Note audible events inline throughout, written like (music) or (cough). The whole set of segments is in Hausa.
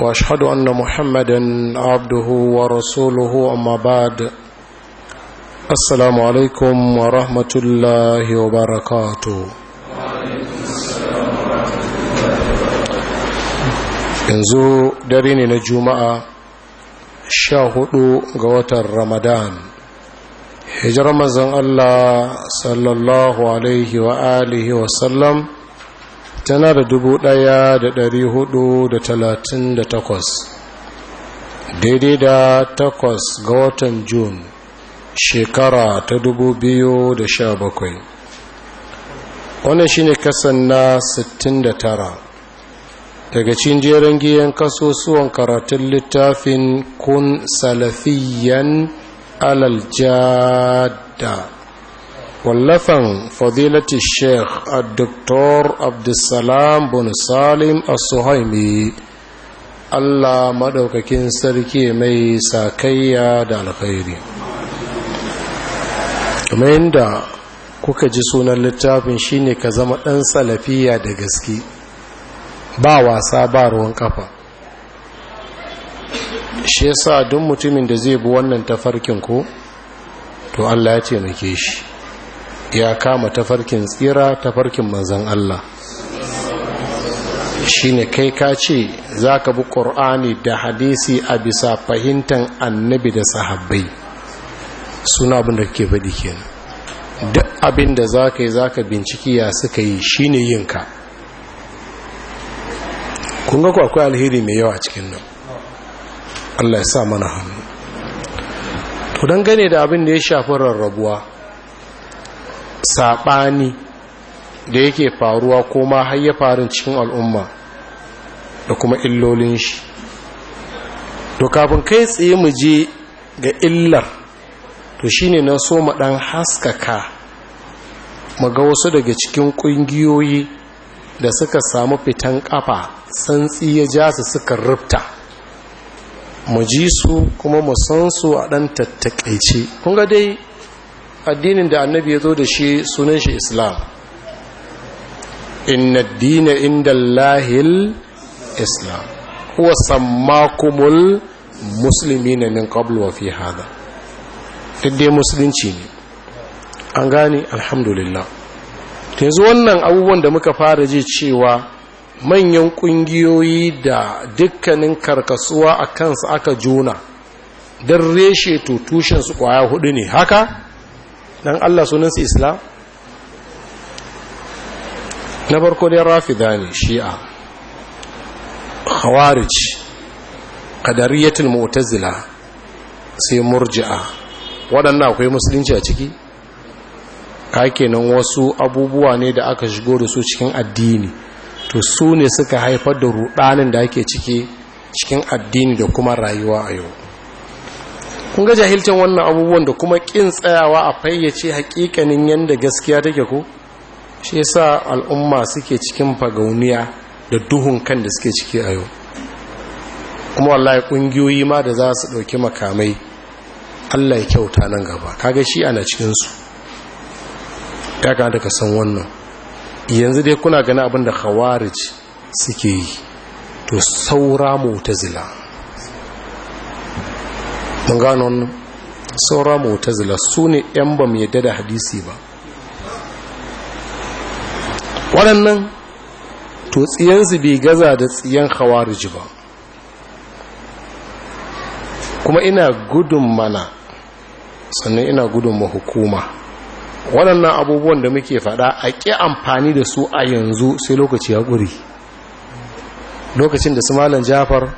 واشهد ان محمدا عبده ورسوله اما بعد السلام عليكم ورحمه الله وبركاته yanzu dare ne na juma'a sha hudu ga watan ramadan hijirar manzan allah sallallahu alaihi wa alihi wasallam tana da dubu ɗaya da dari hudu da talatin da takwas daidai da takwas ga watan Jun shekara ta dubu biyu da sha bakwai wannan shine kasan na sittin da tara daga cin jeren giyan kasusuwan karatun littafin kun salafiyan alaljada wallafan fadilati sheikh al-doktor abdulsalam bin salim al-suhaimi allah maɗaukakin sarki mai sakayya da alkhairi kuma kuka ji sunan littafin shine ka zama ɗan salafiya da gaske ba wasa ba ruwan ƙafa. shi yasa duk mutumin da zai bi wannan tafarkin ko to allah ya taimake shi ya kama tafarkin tsira tafarkin manzan Allah shine kai ka ce za ka bi ƙor'ani da hadisi a bisa fahimtar annabi da sahabbai suna abin da faɗi kenan duk abin za ka yi za ka binciki ya suka yi shine yinka kun ga akwai alheri mai yawa cikin nan Allah ya sa mana hannu to don gane da abin da ya shafi rarrabuwa saɓani da yake faruwa ko ma har ya faru cikin al'umma da kuma illolin shi to kafin kai tsaye mu je ga illar to shine na so mu dan haskaka mu ga wasu daga cikin kungiyoyi da suka samu fitan kafa santsi ya ja su suka rufta mu ji su kuma mu san su a dan tattakaice kun ga dai addinin da annabi ya zo da shi sunan shi islam inna dina inda lahil islam kuwa sammakumul musulmi na min kabluwa fi hada daidai musulunci ne an gani alhamdulillah yanzu wannan abubuwan da muka fara ji cewa manyan ƙungiyoyi da dukkanin karkasuwa a kansu aka juna don reshe to tushensu kwaya hudu ne haka dan Allah sunansa islam na farko dai rafida ne shi'a khawarij qadariyatul mu'tazila sai murji'a waɗannan akwai musulunci a ciki kenan wasu abubuwa ne da aka shigo da su cikin addini to su ne suka haifar da rudanin da ake ciki cikin addini da kuma rayuwa a yau kun ga jahilcin wannan abubuwan da kuma kin tsayawa a fayyace hakikanin yadda gaskiya take ko shi yasa al'umma suke cikin fagauniya da duhun kan da suke ciki a yau kuma wallahi kungiyoyi ma da za su dauki makamai Allah ya kyauta nan gaba kaga shi ana cikin su ya daga san wannan yanzu dai kuna gani abin da khawarij suke yi to saura mu'tazila mun gano wannan saura mu'tazila su ne yan ba mu yadda da hadisi ba waɗannan to tsiyansu bai gaza da tsiyan hawariji ba kuma ina gudun mana sannan ina gudun ma hukuma waɗannan abubuwan da muke faɗa a ƙi amfani da su a yanzu sai lokaci ya ƙuri lokacin da su malam jafar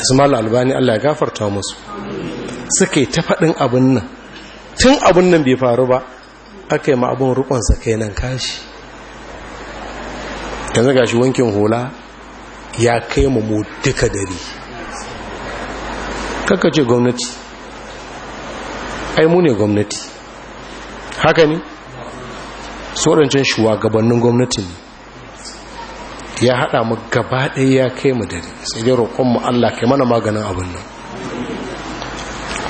ismail albani allah ya gafarta musu suka yi ta faɗin abin nan tun abin nan bai faru ba aka yi ma'abin rukunsa kai nan kashi yanzu ga shi wankin hula ya kai mu mu duka dari kaka ce gwamnati ai mu ne gwamnati haka ne tsorancin shugabannin gwamnati ne ya haɗa mu gaba ɗaya ya kai mu dare sai dai roƙon mu Allah kai mana maganin abin nan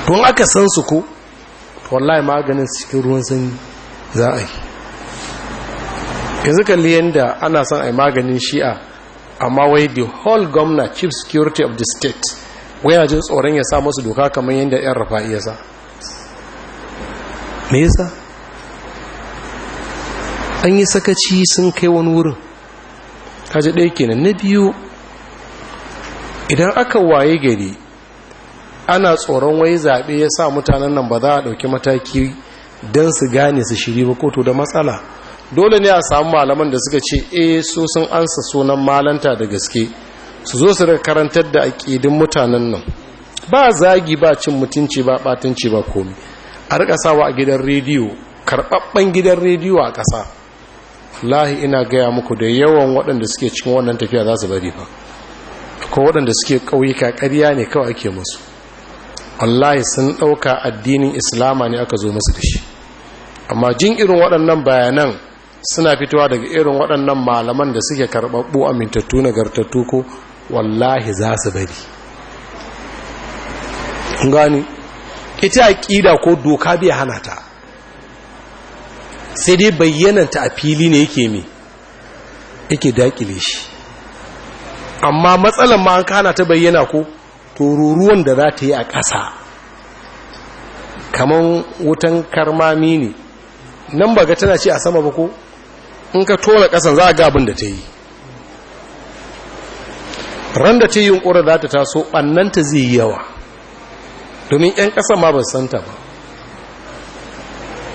don aka san su ko wallahi maganin cikin ruwan sanyi za a yi yanzu kalli yadda ana son a yi maganin shi'a amma wai the whole governor chief security of the state wai jin tsoron ya sa musu doka kamar yadda yan rafa iya sa me yasa an yi sakaci sun kai wani wurin kaji ɗaya kenan na biyu idan aka waye gari ana tsoron wai zaɓe ya sa mutanen nan ba za a ɗauki mataki don su gane su shiri ba koto da matsala dole ne a samu malaman da suka ce e eh, so sun ansa sunan malanta da gaske su zo su daga karantar da aƙidin mutanen nan ba zagi ba cin mutunci ba batunci ba komi a rika sawa a gidan rediyo karɓaɓɓen gidan rediyo a ƙasa lahi ina gaya muku da yawan waɗanda suke cikin wannan tafiya za su bari ba ko waɗanda suke ƙauyuka ƙarya ne kawai ake musu wallahi sun ɗauka addinin islama ne aka zo musu da shi amma jin irin waɗannan bayanan suna fitowa daga irin waɗannan malaman da suke karɓaɓɓu amintattu nagartattu ko wallahi za su bari gani ita aƙida ko doka bai hana ta sai dai ta a fili ne yake mai yake dakile shi amma matsalan ma an kana ta bayyana ko tururuwan da za ta yi a ƙasa kamar wutan karmami ne nan ba ga tana ce a sama ba ko in ka tona ƙasan za a ga da ta yi ran da ta yi yunƙura za ta taso ɓannanta zai yi yawa domin 'yan ƙasa ma ba santa ba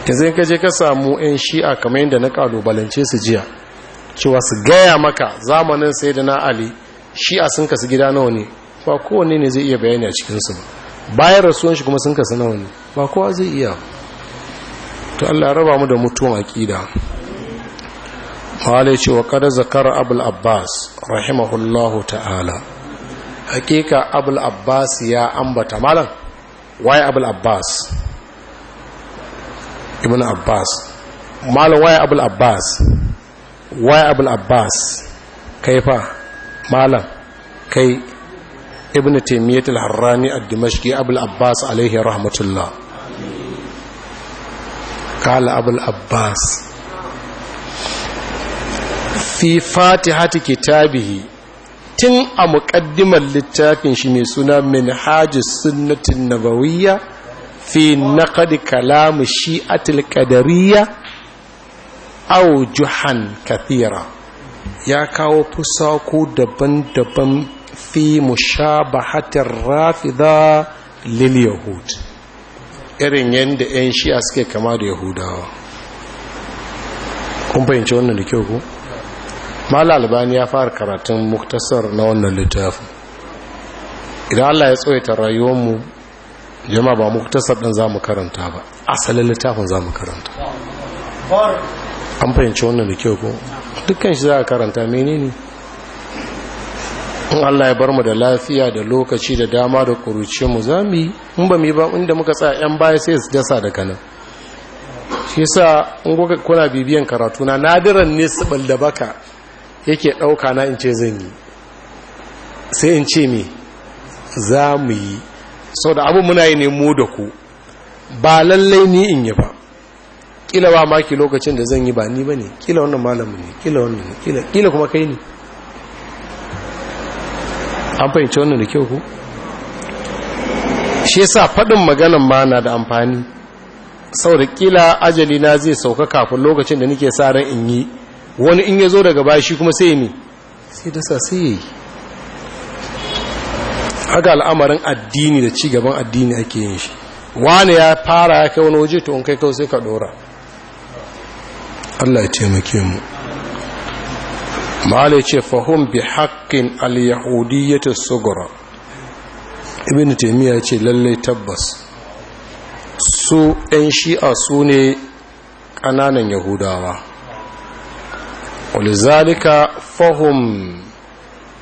yanzu ka je ka samu 'yan shi'a kamar yadda na kalubalance su jiya cewa su gaya maka zamanin sai da na ali shi'a sun kasu gida nawa ne ba kowane ne zai iya bayani a cikinsu ba bayan rasuwan shi kuma sun kasu nawa ne ba kowa zai iya to allah raba mu da mutuwan aƙida malai cewa kada zakar abul abbas rahimahullahu ta'ala hakika abul abbas ya ambata malam waye abul abbas ibn abbas malam waya abul abbas waya abul abbas kai fa malam kai ibn taymiyyah al-harrani ad-dimashqi abul abbas alaihi rahmatullah qala abul abbas fi fatihati kitabihi tun a muƙaddimar littafin shi mai suna minhajus sunnatin nabawiyya fi naqd kalamu shi'atil qadariyya aw juhan kathira ya kawo fusako daban-daban fi mushabahatir rafida lil yahud irin yanda 'yan shi'a suke kama da yahudawa kun fahimci wannan da kyau ku mala albani ya fara karatun muktasar na wannan littafin idan allah ya tsoyata rayuwarmu jama'a ba muktasar ɗin za mu karanta ba asalin littafin za mu karanta an fahimci wannan da kyau ko dukkan shi za a karanta menene in allah ya bar mu da lafiya da lokaci da dama da kuruce mu za mu yi in ba mu yi ba inda muka sa 'yan baya sai su dasa daga nan shi sa in kuna bibiyan karatu na nadiran ne su da baka yake ɗauka na in ce zan yi sai in ce me za mu yi sau da abin muna yi ne mu da ku ba lallai ni in yi ba kila ba maki lokacin da zan yi ba ni ba ne kila wannan malamin ne kila wannan ne kila kuma kai ne an fahimci wannan da kyau ku shi yasa faɗin maganan ma na da amfani sau da kila ajali na zai sauka kafin lokacin da nike sa ran in yi wani in ya zo daga bashi kuma sai ne sai da sa sai yi haka al'amarin addini da ci gaban addini ake yin shi wani ya fara ya kai wani waje to in kai kawai sai ka dora Allah ya taimake mu ma'ala ce fahim bi haƙƙin al-yahudiyyatis sugura ibn taymiya ce lallai tabbas su ɗan shi'a su ne ƙananan yahudawa Wani zalika fahim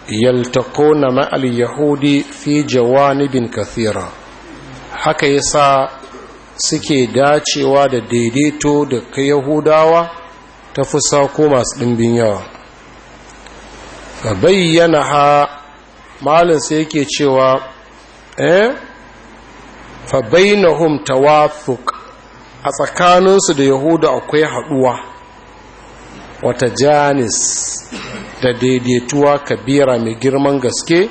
yaltakona ma'al yahudi fi jawanibin kathira haka yasa suke dacewa da daidaito da ka yahudawa ta fi ko masu ɗimbin yawa ka bayyana ha malin yake cewa eh fa bainahum tawafuq a tsakaninsu da yahuda akwai haɗuwa wata janis da daidaituwa kabira mai girman gaske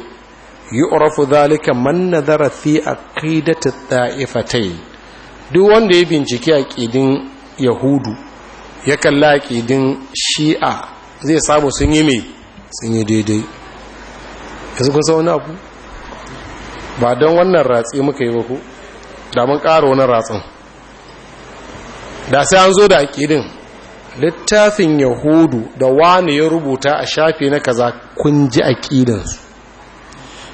orafu zalika man nazara fi kaidata ta'ifatayn duk wanda ya bincike aqidin yahudu ya kalla aƙidin shi'a zai samu sun yi mai sun yi daidai Ya kun san wani abu ba don wannan ratsi muka yi ba ku da ƙara wani ratsin da sai an zo da aƙidin. littafin yahudu da wani ya rubuta a shafi na kaza kun ji aƙidansu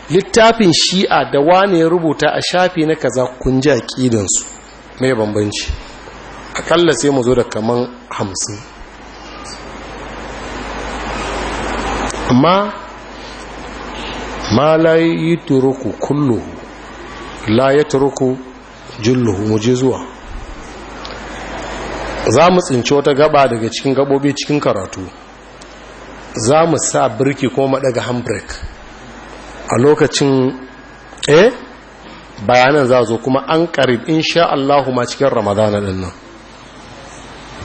littafin shi'a da wani ya rubuta a shafi na kaza kun ji aƙidansu mai bambanci akalla sai mu zo da kaman hamsin amma ma la yi turuku kullu la ya turuku jullu mu je zuwa za mu tsinci wata gaba daga cikin gabobi cikin karatu za mu sa birki ko mu daga handbrake a lokacin eh bayanan za zo kuma an karib insha Allah ma cikin ramadana din nan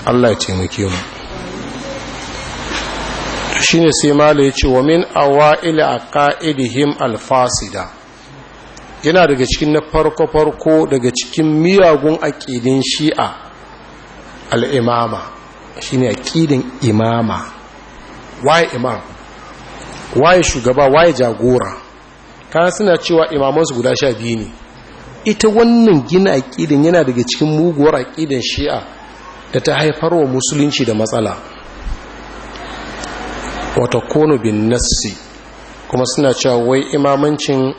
Allah ya taimake mu shine sai ya ce wa min awail aqaidihim alfasida yana daga cikin na farko farko daga cikin miyagun aƙidin shi'a al'imama shi ne aƙidin imama waye imam waye shugaba waye jagora kan suna cewa imamansu guda sha biyu ne ita wannan gina aƙidin yana daga cikin muguwar aƙidin shi'a da ta haifar wa musulunci da matsala wata kono bin nassi kuma suna cewa wai imamancin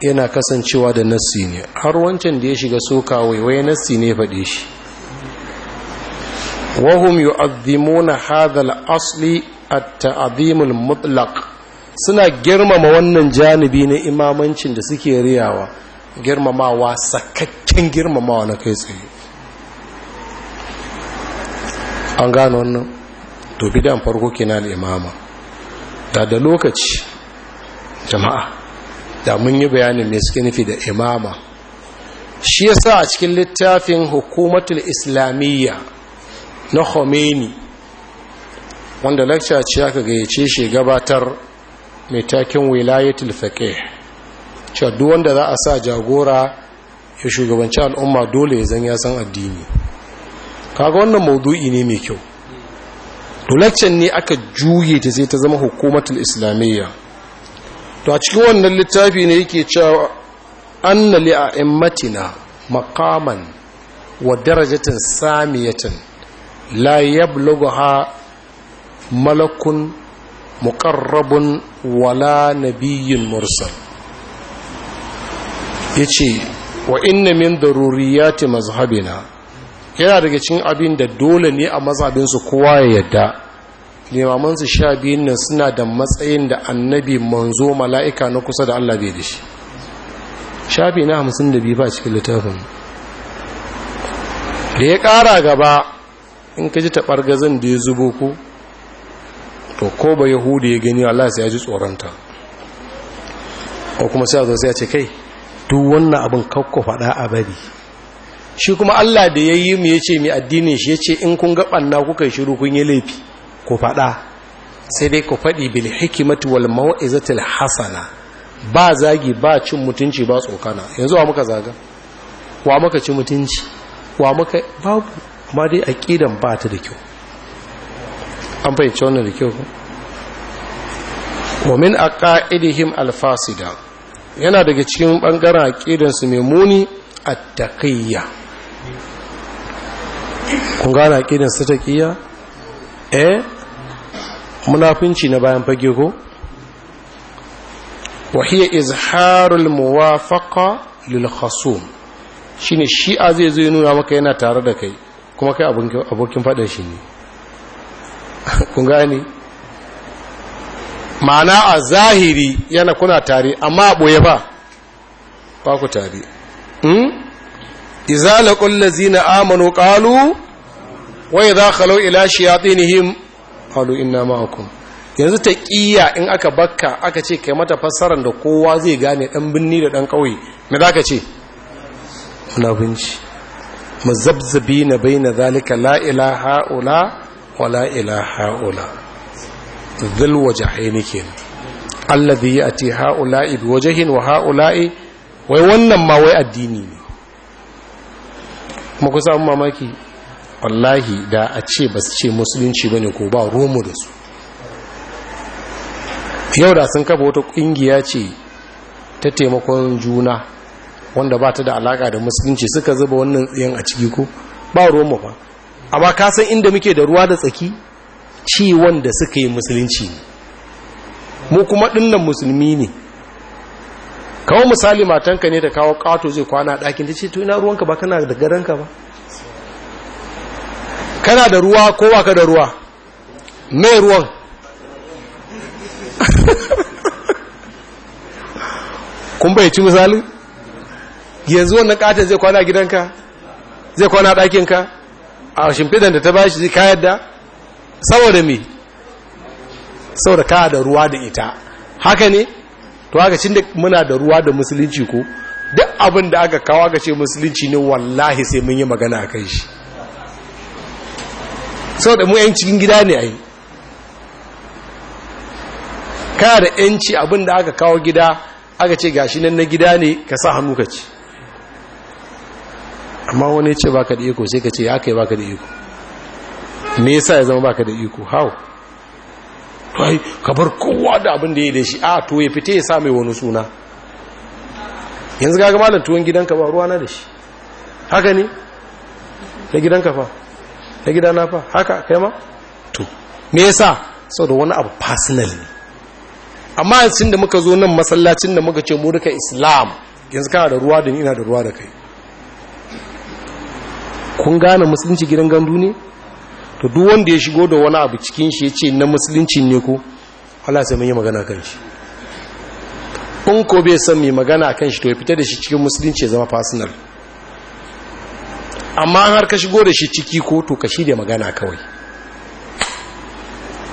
yana kasancewa da nassi ne har wancan da ya shiga soka wai wai nassi ne faɗe shi wahum na hadhal asli at-ta'zimul mutlaq suna girmama wannan janibi na imamancin da suke riyawa girmamawa sakakken girmamawa na kai tsaye an gano wannan to bidan farko kina imama da da lokaci jama'a da mun yi bayanin me suke nufi da imama shi yasa a cikin littafin hukumatul islamiyya na khomeini wanda lakca ce aka gayyace shi gabatar mai takin wilayatul faqih cewa duk wanda za a sa jagora ya shugabanci al'umma dole ya zan ya san addini kaga wannan maudu'i ne mai kyau to lakcan ne aka juye ta sai ta zama hukumatul islamiyya to a cikin wannan littafi ne yake cewa anna li matina, maqaman wa darajatan samiyatan لا يبلغها malakun مقرب ولا نبي mursal yace wa inna ضروريات مذهبنا mazhabina yana daga cikin abin da dole ne a mazhabin su kowa ya yadda limaman su sha biyun nan suna da matsayin da annabi manzo mala'ika na kusa da Allah bai da shi biyu na 52 ba cikin littafin da ya ƙara gaba in ka ji taɓargazan da ya zubo ko to ko ba yahudu ya gani Allah sai ya ji tsoronta ko kuma sai zo sai ya ce kai duk wannan abin kakko faɗa a bari shi kuma Allah da ya yi mu ya ce mai addinin shi ya ce in kun ga ɓanna kuka shiru kun yi laifi Ko faɗa sai dai ku faɗi bil hikimati wal mau'izatil hasana ba zagi ba cin mutunci ba tsokana yanzu wa muka zaga wa muka ci mutunci wa muka babu amma dai aƙidan ba ta da kyau an fahimci wannan da kyau wa min aqaidihim alfasida yana daga cikin ɓangaren aƙidansu mai muni a taƙiyya kun gane aƙidansu su eh munafinci na bayan fage ko izharul muwafaka الموافقة shi ne shi'a zai zo nuna maka yana tare da kai kuma kai abokin faɗin shi ne kun gani ma'ana a zahiri yana kuna tare amma a ɓoye ba ba ku tare hmm? iza laƙun na amanu ƙalu wai za kalau ila shayatinihim halu ina ma'akun yanzu ta ƙiya in aka bakka aka ce kai mata fassarar da kowa zai gane dan binni da dan mai za ka ce muna binci mazabzabi na baina zalika la'ila ha'ula wa la'ila ha'ula zilwaje haini ke allazi ya ce ha'ula'i bi wajahin wa ha'ula'i wai wannan ma wai addini ne kuma kusa an mamaki wallahi da a ce ba su ce musulunci ba ne ko ba romo da su yau da sun kafa wata ƙungiya ce ta taimakon juna wanda ba ta da alaka da musulunci suka zuba wannan tsayen a ciki ko ba Roma ba, a amma ka san inda muke da ruwa da tsaki ci wanda suka yi musulunci ne mu kuma dinnan musulmi ne kawo misali matanka ne da kawo kato zai kwana ɗakin ta ce to ina ruwanka ba kana da garanka ba kana da ruwa ko ba ka da ruwa mai ruwan (laughs) kun bai ci misali yanzu wannan katin zai kwana gidanka zai kwana ɗakinka a shimfidan da ta bashi zai kayar da saboda me saboda ka da ruwa da ita haka ne to haka cin da muna da ruwa da musulunci ko duk abin da aka kawo aka ce musulunci ne wallahi sai mun yi magana a kai shi saboda mu 'yan cikin gida ne a yi Kaya da 'yanci abin da aka kawo gida aka ce gashi nan na gida ne ka sa hannu ka ci amma wani ce baka da iko sai ka ce ya kai baka da iko me yasa ya zama baka da iko how ai ka bar kowa da abin da ya da shi a to ya fita ya same wani suna yanzu ga malam tuwon gidanka ba ruwa na da shi haka ne na gidanka fa na gidana fa haka kai ma to me yasa saboda wani abu personal ne amma yanzu da muka zo nan masallacin da muka ce mu duka islam yanzu kana da ruwa da ni ina da ruwa da kai kun gane musulunci gidan gandu ne to duk wanda ya shigo da wani abu cikin shi ya ce na musulunci ne ko Allah sai mun yi magana kan shi in ko bai san mai magana kan shi to ya fita da shi cikin musulunci ya zama fasinal amma an har ka shigo da shi ciki ko to ka shi da magana kawai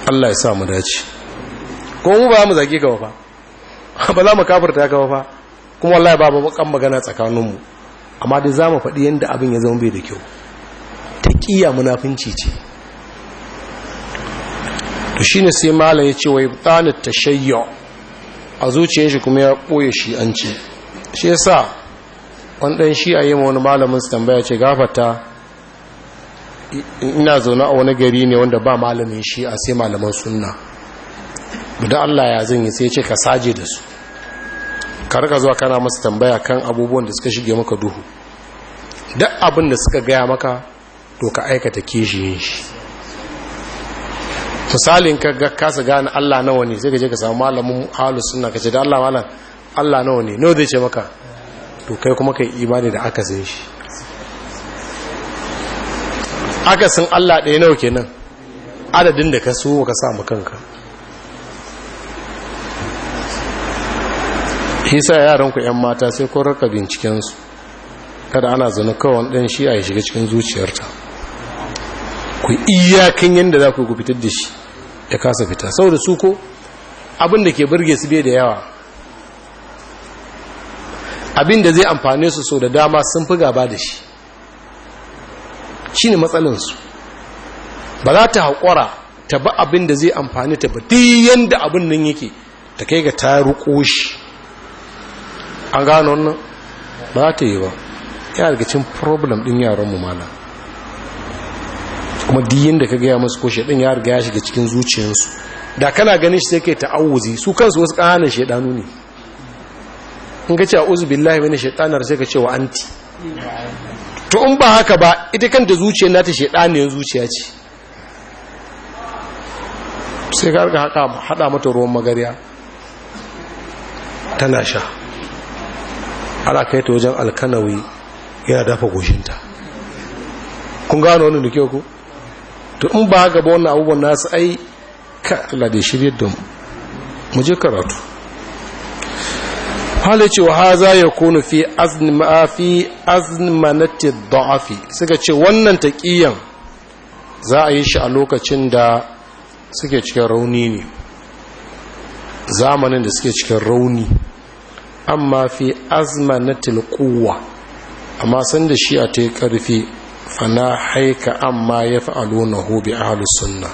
Allah ya sa mu dace ko mu ba mu zage ka ba (laughs) ba za mu kafirta ka ba kuma wallahi ba ba kan magana tsakaninmu amma dai za mu faɗi yadda abin ya zama bai da kyau taqiya munafinci ce to shine sai malam ya ce wa ta shayyo a zuciyar shi kuma ya ɓoye shi an ce shi ya wani dan shi a yi ma wani malamin su tambaya ce gafata ina zaune a wani gari ne wanda ba malamin shi a sai malaman sunna da Allah ya zan yi sai ce ka saje da su ka zuwa kana masa tambaya kan abubuwan da suka shige maka duhu duk abin da suka gaya maka to ka aikata kishiyin shi misalin ka ga kasa gane Allah nawa ne sai ka je ka samu malamin halus suna ka ce da Allah malam Allah nawa ne nawa zai ce maka to kai kuma kai imani da aka zai shi aka sun Allah ɗaya nawa kenan adadin da ka so ka samu kanka hisa yaranku 'yan mata sai kun raka bincikensu kada ana zana kawon ɗan shi a shiga cikin zuciyarta ku iyakan yadda za ku fitar da shi ya kasa fita saboda su ko abin ke birge su bai da yawa abinda da zai amfane su so da dama sun fi gaba da shi shi ne matsalinsu ba za ta haƙura ta ba abin zai amfani ta ba yadda abin nan yake ta kai ga ta ruko shi an gano wannan ba ta yi ba yana daga cin problem ɗin mu malam kuma diyin da ka gaya masu ko shaɗin ya riga ya shiga cikin zuciyarsu da kana ganin shi sai kai ta'awuzi su kansu wasu ƙananan shaɗanu ne in ka ce a uzu billahi mini shaɗanar sai ka ce wa anti to in ba haka ba ita kanta zuciyar nata shaɗaniyar zuciya ce sai ka riga haɗa mata ruwan magariya tana sha ana kai ta wajen alkanawi yana dafa goshinta kun gano wani da kyau ku to in ba gaba wannan abubuwan nasu ai ka Allah da shirye da mu je karatu hali ce wa haza ya kunu fi ma fi azmafi azmanati da'afi suka ce wannan taqiyan za a yi shi a lokacin da suke cikin rauni ne zamanin da suke cikin rauni amma fi azmanatil quwwa amma san da shi a ta karfi fana haika amma ya fa'alo na hobi a halussunna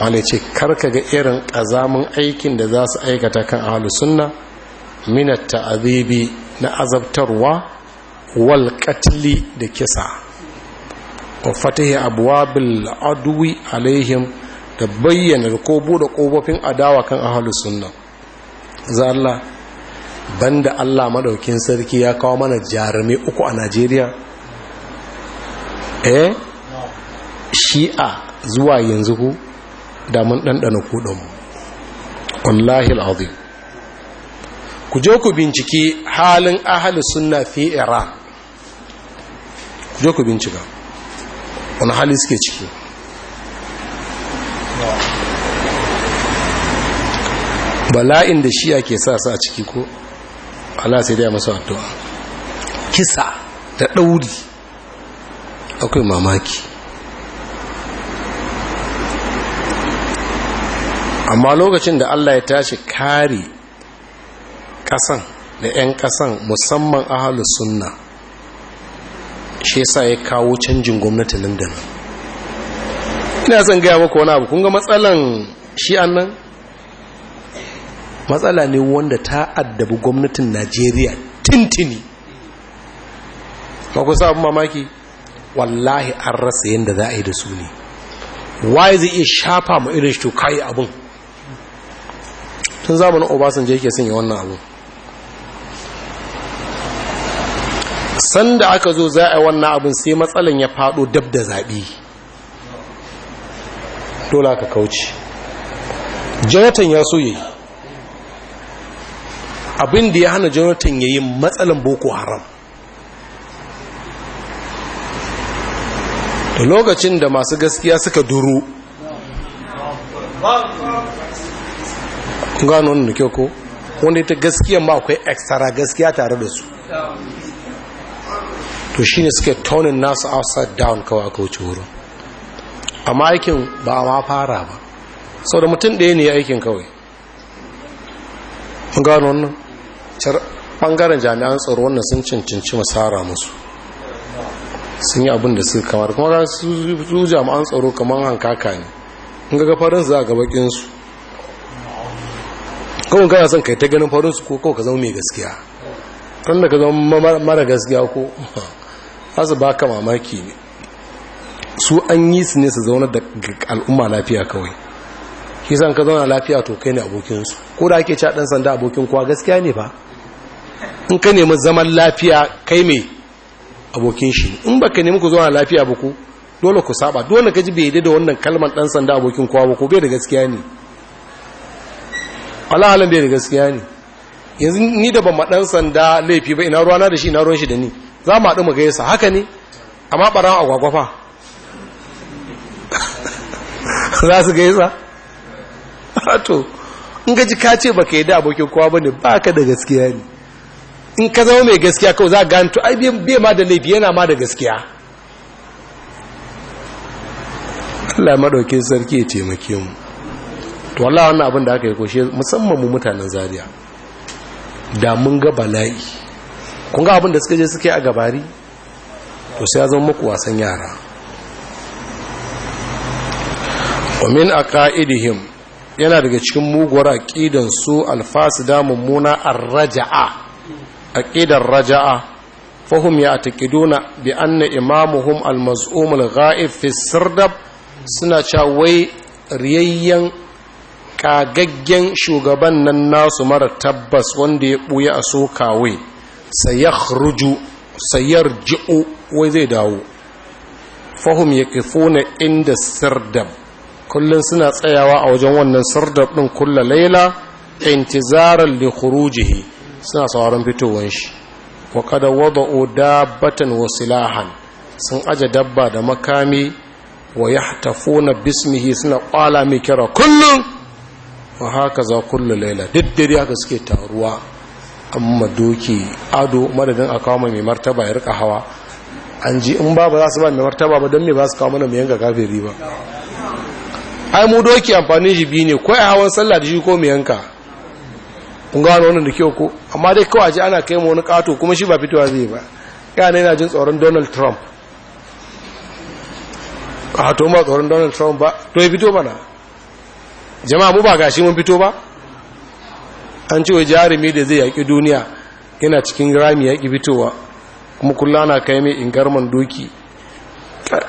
wale ce karka ga irin ƙazamin aikin da za su aikata kan halussunna mina ta'azibi na azabtarwa wal katili da kisa wa abuwa la'aduwi alaihim da bayyana ko bude kobofin adawa kan ahlus sunna za Allah banda Allah madaukin sarki ya kawo mana jarumi uku a Najeriya eh shi'a zuwa yanzu ku da mun ɗanɗana kuɗinmu wallahi al'adu ku je ku binciki halin ahalus sunna fi iran ku je ku bincika wani hali suke ciki bala'in da shi'a ke sa sa ciki ko ala sai dai masu addu'a kisa da ɗauri akwai mamaki amma lokacin da allah ya tashi kari kasan da 'yan kasan musamman ahalus sunna shi sa ya kawo canjin gwamnati nan da nan ina son gaya maka wani abu kunga matsalan shi nan matsala ne wanda ta addabi gwamnatin najeriya tintini ba ku sa mamaki wallahi an rasa yadda za a yi da su ne waye zai iya shafa ma irin shi kayi abin tun zamanin obasanjo yake sanya wannan abin sanda aka zo za a yi wannan abin sai matsalin ya fado dab da zaɓi dole aka kauce jonathan ya so yayi abin da ya hana jonathan yayi matsalan boko haram lokacin da masu gaskiya suka duru gano wannan da kyau ko wanda ita gaskiya ma akwai extra gaskiya tare da su to shine suke tonin nasu outside down kawai aka wuce wurin amma aikin ba ma fara ba sau da mutum ɗaya ne ya aikin kawai gano wannan ɓangaren jami'an tsaro wannan sun cancanci masara musu sun yi abin da suka kamar kuma su jami'an tsaro kamar hankaka ne in ga farin za a ga bakin su kawai kana son kai ta ganin farin su ko kawai ka zama mai gaskiya kan da ka zama mara gaskiya ko asu (laughs) ba ka mamaki ne su an yi su ne su zauna da al'umma lafiya kawai shi san ka zauna lafiya to kai ne abokinsu ko da ake caɗan sanda abokin kuwa gaskiya ne ba in ka nemi zaman lafiya kai mai abokin shi in baka nemi ku zuwa lafiya ba ku dole ku saba dole ka ji bai da wannan kalmar dan sanda abokin kowa ba ko bai da gaskiya ne alahalin bai da gaskiya ne yanzu ni da ban ma dan sanda laifi ba ina ruwana da shi ina ruwan shi da ni za mu haɗu mu gaisa haka ne amma ɓaran agwagwafa (laughs) za su gaisa wato (laughs) in gaji ka ce ba ka yi da abokin kowa ba ne baka da gaskiya ne in ka zama mai gaskiya kawai za a to ai bai ma da laifi yana ma da gaskiya Allah maɗauki sarki ya taimake mu to Allah wannan abin da aka yi koshe musamman mu mutanen zariya da mun ga bala'i kun ga abin da suka je suke a gabari to sai ya zama muku wasan yara ومن min yana daga cikin muguwar aqidan su alfasida mummuna arraja'a aqidar raja'a fahum ya'taqiduna bi anna imamuhum al-maz'um al-gha'ib fi sirdab suna cewa wai riyayyen kagaggen shugaban nan nasu mara tabbas wanda ya buya a sokawe sayakhruju sayarji'u wai zai dawo fahum yaqifuna inda sirdab kullun suna tsayawa a wajen wannan sirdab din kulla laila intizaran li khurujihi suna sauran fitowar shi wa kada o dabbatan wa silahan sun aje dabba da makami wa na bismihi suna kwala mai kira kullum wa haka za kullum laila duk dare haka suke taruwa amma doki ado madadin a kawo mai martaba ya rika hawa an ji in ba ba za su ba mai martaba ba don me ba su kawo mana mai yanka kafiri ba ai mu doki amfani shi biyu ne ko hawan sallah da shi ko mai yanka kun gano wannan da kyau ko amma dai kawai ji ana kai mu wani kato kuma shi ba fitowa zai ba yana yana jin tsoron Donald Trump a ma tsoron Donald Trump ba to ya fito bana jama'a mu ba gashi mun fito ba an ce wa jarumi da zai yaki duniya yana cikin rami yaki fitowa kuma kulla na kai mai ingarman doki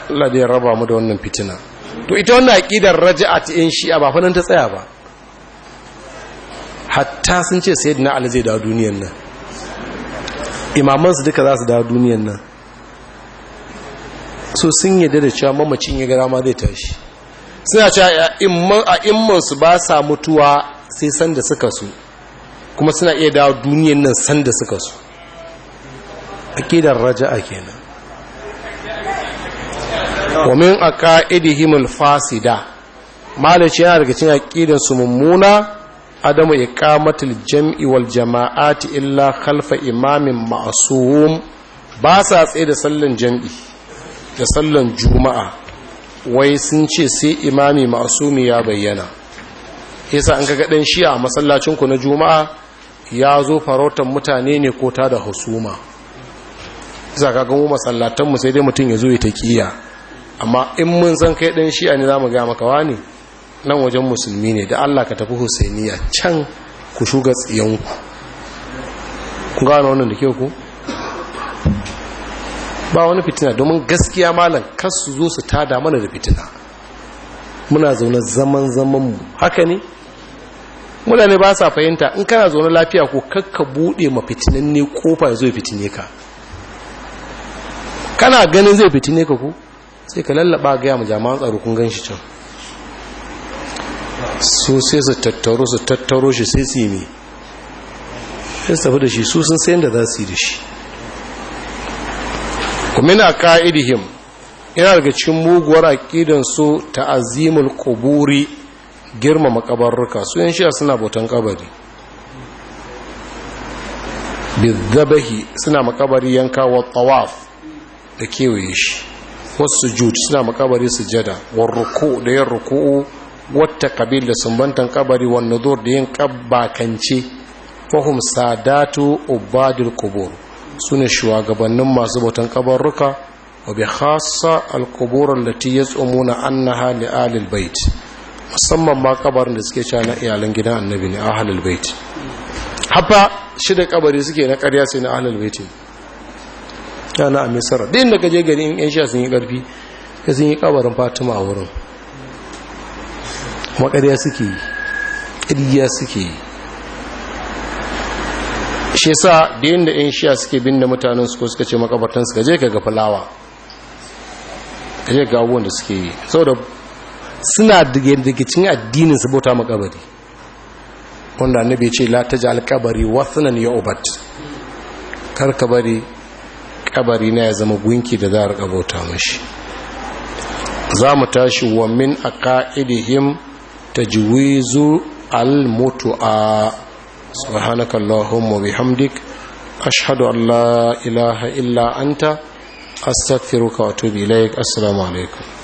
Allah da ya raba mu da wannan fitina to ita wannan aqidar raj'at in shi'a ba fa nan ta tsaya ba hatta sun ce na ali zai dawo duniyan nan imamansu duka za su dawo duniyan nan so sun yadda da cewa mamacin ya gara ma zai tashi suna cewa a immansu ba sa mutuwa sai sanda suka su kuma suna iya dawo duniyan nan sanda suka su akidar raja'a kenan wa min aqaidihim fasida malaci yana daga cikin aqidan su mummuna adamu iqamatul jam'i wal jama'ati illa khalfa imamin ma'sum ba sa tsaye da sallan jam'i da sallan juma'a wai sun ce sai imami ma'asumi ya bayyana yasa an kaga ɗan shi'a masallacin ku na juma'a ya zo farautar mutane ne ko ta da husuma za ka ga mu masallatan mu sai dai mutum ya zo ya taqiya amma in mun san kai ɗan shi'a ne zamu gama kawa ne. nan wajen musulmi ne da Allah ka tafi Husainiya can ku shuga tsiyanku ku gano wannan da ke ku ba wani fitina domin gaskiya malam kar su zo su tada mana da fitina muna zaune zaman zaman mu haka ne mutane ba sa fahimta in kana zaune lafiya ko kakka bude ma fitinan ne kofa ya zo fitine ka kana ganin zai fitine ka ko sai ka lallaba ga yamma mu jama'an tsaro kun gan shi can su sai su tattaro su tattaro shi sai su yi sai su da shi su sun sayan da za su yi da shi kumina ka'idihim yana daga cikin muguwar aƙidansu ta azimul kuburi girmama kabarruka su yan a suna bautan kabari bizabahi suna makabari yanka wa tawaf da kewaye shi wasu sujud suna makabari sujada wa ruku da yin ruku'u wata kabila sumbantan kabari wa zuwa da yin kabbakance fahim sadatu ubadul qubur sune shugabannin masu bautan kabarruka wa bi khassa al qubur allati an na hali alil bait musamman ma kabarin da suke sha na iyalan gidan annabi ne ahlul bait haba shida kabari suke na karya sai na ahlul bait yana na misra din da gaje gari in yan sha sun yi karfi sun yi kabarin fatima a wurin makariya suke yi suke shi sa da yin da 'yan shiya suke bin da mutanen su ko suka ce makabartan su gaje ga fulawa gaje ga abubuwan da suke yi saboda suna digicin addinin su bauta makabari wanda annabi ce la ji alkabari wasanan ya obat. kar ka bari kabari na ya zama gunki da za a bauta mashi za mu tashi wa min a ka'idihim. tajwizu al-mutu'a subhanaka allahumma bihamdik ashhadu an la ilaha illa anta astaghfiruka wa atubu ilaik assalamu alaikum